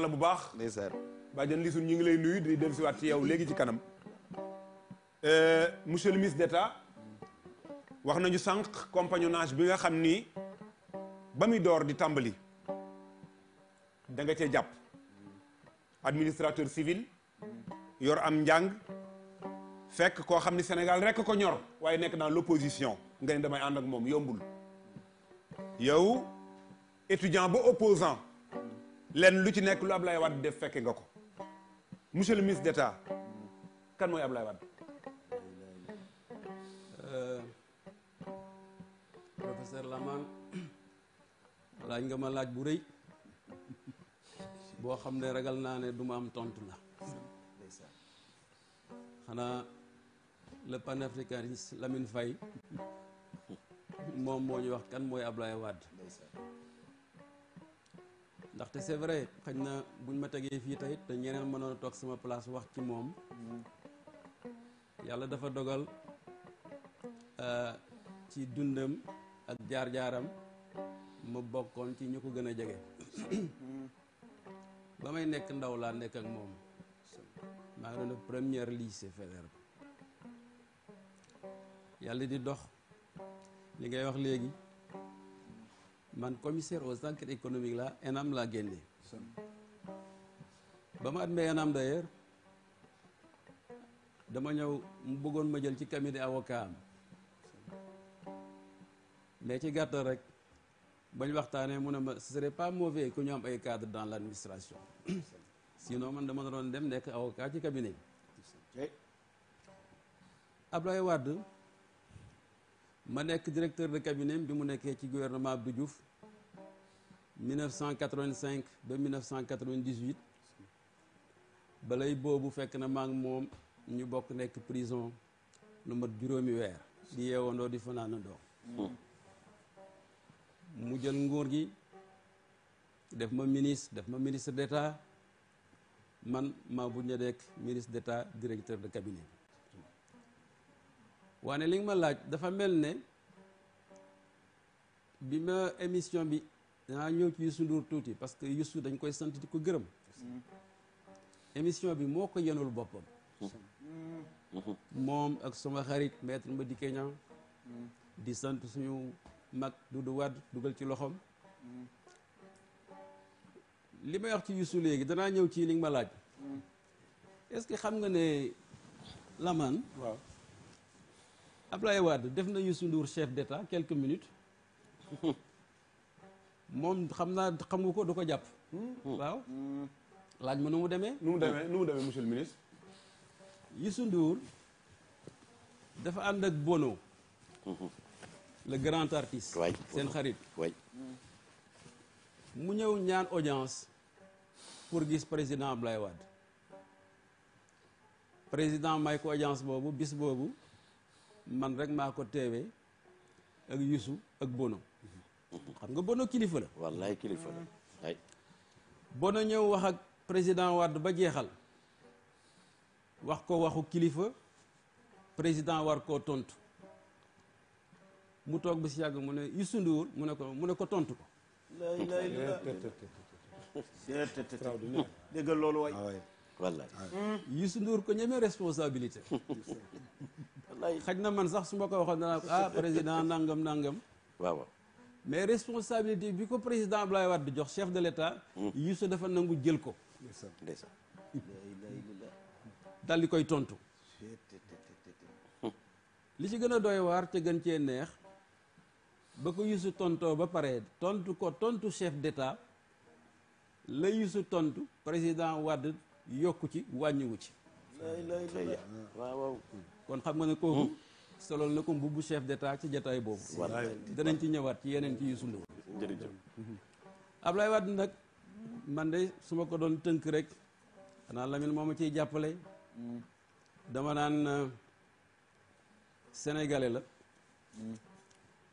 la bu baax. ndeysaan bàjjan Lisu ñu ngi lay nuyu di dem si waat ci yow léegi ci kanam. Euh, monsieur le ministre d'État wax nañu sànq compagnonnage bi nga xam ni ba muy door di tàmbali da cee jàpp administrateur civil yor am njàng fekk koo xam ni Sénégal rekk ko ñor waaye nekk dans l'opposition nga ne damay ànd ak moom yombul yow étudiant ba opposant lenn lu ci nekk lu Ablaye Wade def fekke nga ko monsieur le ministre d'État kan mooy Ablaye Wade euh, professeur Lamane laaj nga ma laaj bu rëy boo xam ne ragal naa ne duma am tontu la xanaa le panafricaniste Lamine Faye moom moo ñu wax kan mooy Ablaye Wade ndaxte c'est vrai xëy na buñ ma tegee fii tey te ñeneen mënoon a toog sama place wax ci moom yàlla dafa dogal euh, ci dundam ak jaar-jaaram ma bokkoon ci ñu ko gën a jege ba may nekk ndaw laa nekk ak moom maa ngi doon def première lycée Faidherbe yàlla di dox li ngay wax léegi man commissaire aux enquêtes économiques la ENAM laa génne ba ma admee ENAM d'ailleurs dama ñëw mu bëggoon ma jël ci cabinet avocat am mais ci gàttal rek bañ waxtaanee mu ne ma ce serait pas mauvais que ñu am ay cadre dans l'administration sinon man dama doon dem nekk avocat ci cabinet bi Ablaye Wade ma nekk directeur de cabinet bi mu nekkee ci gouvernement du Diouf 1985 ba 1998 balay boobu fekk na maa moom ñu bokk nekk prison lu mat juróomi weer di yeewandoo di fanaanandoo mu jël nguur gi def ma ministre def ma ministre d'état man maa bu ñu nekk ministre d'état directeur de cabinet waane li nga ma laaj dafa mel ne bi ma émission bi danaa ñëw ci Youssou Ndour tuuti parce que su dañ koy sant di ko gërëm émission bi moo ko yenul boppam moom ak suma xarit maître di keña di sant suñu mag du Wade dugal ci loxoom li may wax ci Youssou léegi danaa ñëw ci li nga ma laaj est-ce que xam nga ne Lamane waaw Ablaye Wade def na Youssou Ndour chef d'État quelques minutes moom xam naa xam nga ko du ko jàpp. Hmm. waaw. Hmm. laaj ma nu mu demee. nu mu demee nu mu demee monsieur le ministre. dafa ànd ak Bono. Hmm. le grand artiste. waay seen xarit. waay. mu ñëw ñaan audience pour gis président lay Wade. président may ko audience boobu bis boobu man rek maa ko teewee ak Youssou ak Bono. xam nga bono kilifa la. wallaay kilifa la ay. bono wax ak président Wade ba jeexal wax ko waxu kilifa président war koo tontu mu toog ba si yàgg mu ne Youssou mu ne ko mu ne ko tontu ko. déggal loolu waay. Ah wallaay ah. Youssou Ndour ko xaj na man sax su ma ko waxoon danaa ko ah, président nangam nangam. mais responsabilité bi ko président Abdoulaye Wade di jox chef de l'État hmm. Youssou dafa nangu jël ko dal di koy tontu li ci gën a doy waar te gën cee neex ba ko Youssou tontoo ba pare tontu ko tontu chef d'État la Youssou tontu président wàdd yokku ci wàññiwu ci kon xam nga ne kooku hmm. solol na ko mbubbu chef d'état ci jataay boobu danañ ci ñëwaat ci yeneen ci yu sund jërëjëf Ablaye Wade nag man de su ma ko doon tënk rek xanaa lamin moom ma ciy jàppale dama naan sénégalais la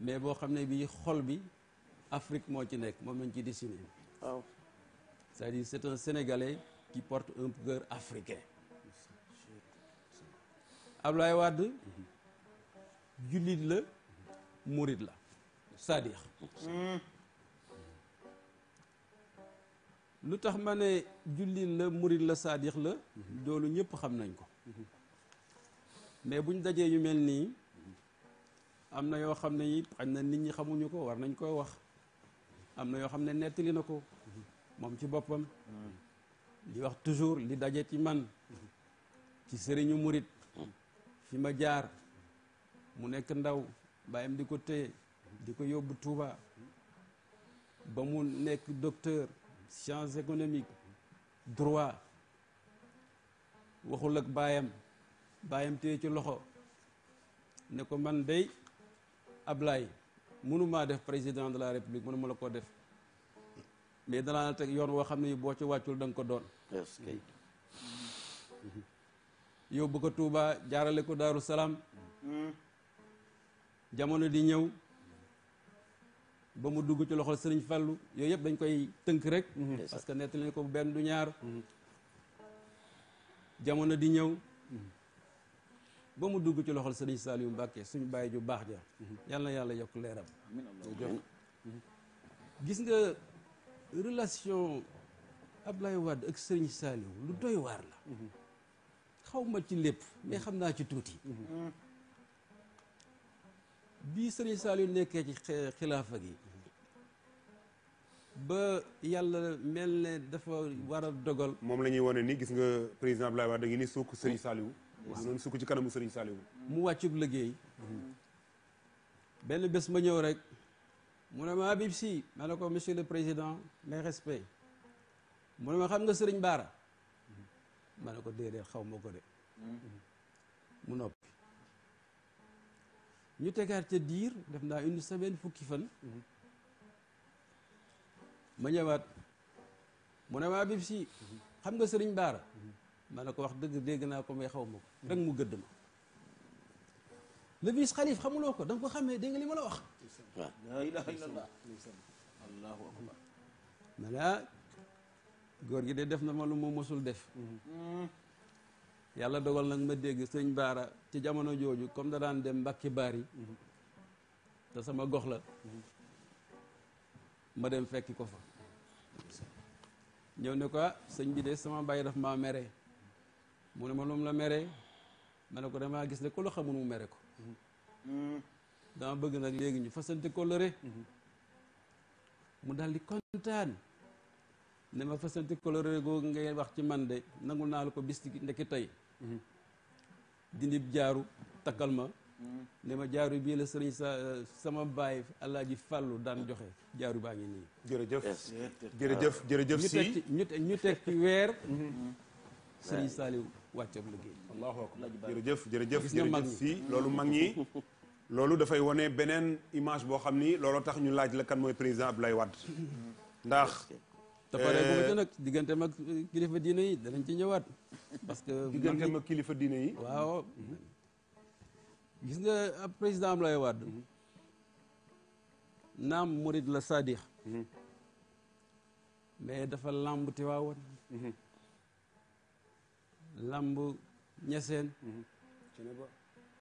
mais boo xam ne bii xol bi Afrique moo ci nekk moom lañ ci dessiné waaw c'est-à-dire c'est porte un cœur africain Ablaye Wade jullit la murit la sadiq lu tax ma ne jullit la murit la sadiq la loolu ñëpp xam nañ ko mais buñ dajee yu mel nii am na yoo xam ne yi xañ na nit ñi xamuñu ko war nañ koy wax am na yoo xam ne nettali na ko moom ci boppam li wax toujours li daje ci man ci sëriñu murit fi ma jaar mu nekk ndaw bàyyam di ko téye di ko yóbbu Touba ba mu nekk docteur science économique droit waxul ak baayam baayam téye ci loxo ne ko man day Ablaye mënumaa def président de la république mënuma la ko def mais danaa teg yoon woo xam ne boo ci wàccul da nga ko doon yóbbu ko Touba jaarale ko Daaru jamono di ñëw ba mu dugg ci loxol sëriñ Fallu yooyu yëpp dañ koy tënk rek mm-hmm. parce que nettali nañ ko bu benn du ñaar mm-hmm. jamono di ñëw ba mu dugg ci loxol sëriñ Saliou Mbàkke suñu bàyyi ju baax ja mm-hmm. yàlla yàlla yokk leeram gis nga relation Ablaye Wade ak sëriñ Saliou lu doy waar la xaw ma ci lépp mais xam naa ci tuuti bii sëriñ Saliou nekkee ci xilaafa gi ba yàlla mel ne dafa war a dogal moom la ñuy wane ni gis nga président Abdoulaye Wade da ngi ni sukk sëriñ Saliou waaw noonu sukk ci kanamu sëriñ Saliou mu wàccub liggéey benn bés ma ñëw rek mu ne ma Habib Sy ma ne ko monsieur le président mes respects mu ne ma xam nga sëriñ Baara mm-hmm. ma ne ko déedéet xaw ma ko de mm-hmm. mu noppi ñu tegaat ca diir def naa une semaine fukki fan mhm. ma ñëwaat mu ne maa bib si mhm. xam nga sëriñ baara mhm. ma ne ko wax dëgg dégg naa ko may xaw ma ko rek mu gëdd ma le vice xamuloo ko da nga ko xamee dégg li ma la wax waaw laa ilaha illallah allahu akbar ma ne ah, góor gi de def na ma lu ma mosul def mm. yàlla dogal nag ma dégg sëñ Baara ci jamono jooju comme da daan dem Mbàkke Baari te sama gox la ma dem fekki ko fa ñëw ne ko ah, sëñ bi de sama bàyyi daf maa mere mu ne ma lum la mere ma ne ko damaa gis ne ko la xamul mu mere ko dama bëgg nag léegi ñu fasante ko lëre mu daal di kontaan ne ma fasanti coloré googu ngay wax ci man de nangul naa la ko bis ndekki tey mhm. dindi jaaru takkal ma mhm. ne ma jaaru bii la sëriñ sa sama baay alaaji fàllu daan joxe jaaru baa ngi nii jërëjëf jërëjëf jërëjëf si ñu teg ci weer mhm. sëriñ Saaliw wàccob liggéey allahu akbar jërëjëf jërëjëf jërëjëf si loolu mag ñi loolu dafay wone beneen image boo xam ni looloo tax ñu laaj la kan mooy président Abdoulaye Wade ndax te pareegu ca eh. nag diggante mag eh, kilifa diine yi danañ ci ñëwaat parce que diggante mag kilifa diine yi waaw mhm. gis nga ab président Abdoulaye Wade mhm. naam murid la sadix mhm. mais dafa làmb Tiwaawan làmb Ñaseen